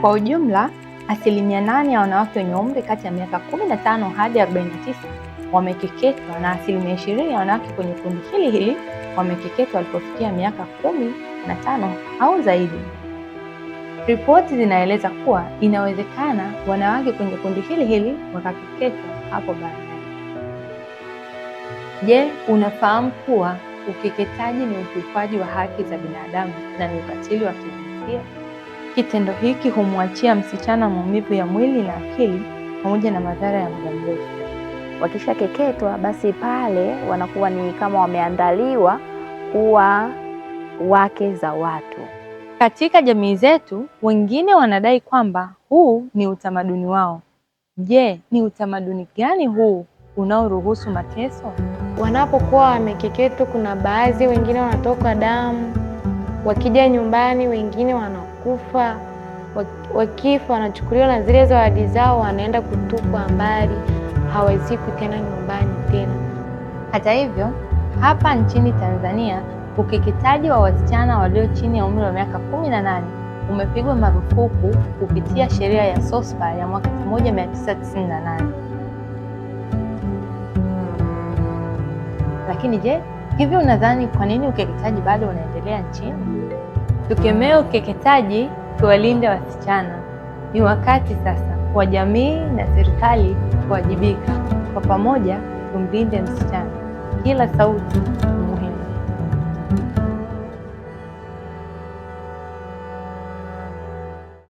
Kwa ujumla, asilimia nane ya wanawake wenye umri kati ya miaka 15 hadi 49 wamekeketwa na asilimia 20 ya wanawake kwenye kundi hili hili wamekeketwa walipofikia miaka 15 na tano au zaidi. Ripoti zinaeleza kuwa inawezekana wanawake kwenye kundi hili hili wakakeketwa hapo baadaye. Je, unafahamu kuwa ukeketaji ni ukiukaji wa haki za binadamu na ni ukatili wa kijinsia? Kitendo hiki humwachia msichana maumivu ya mwili na akili pamoja na madhara ya muda mrefu. Wakishakeketwa basi, pale wanakuwa ni kama wameandaliwa kuwa wake za watu. Katika jamii zetu, wengine wanadai kwamba huu ni utamaduni wao. Je, ni utamaduni gani huu unaoruhusu mateso? Wanapokuwa wamekeketwa, kuna baadhi wengine wanatoka damu, wakija nyumbani wengine wana wanakufa, wakifa wanachukuliwa na zile zawadi zao, wanaenda kutupwa mbali, hawazikwi tena nyumbani tena. Hata hivyo, hapa nchini Tanzania ukeketaji wa wasichana walio chini ya umri wa miaka kumi na nane umepigwa marufuku kupitia sheria ya SOSPA ya mwaka 1998. Lakini je, hivyo unadhani kwa nini ukeketaji bado unaendelea nchini? Tukemee ukeketaji, tuwalinde wasichana. Ni wakati sasa wa jamii na serikali kuwajibika. Kwa pamoja, tumlinde msichana. Kila sauti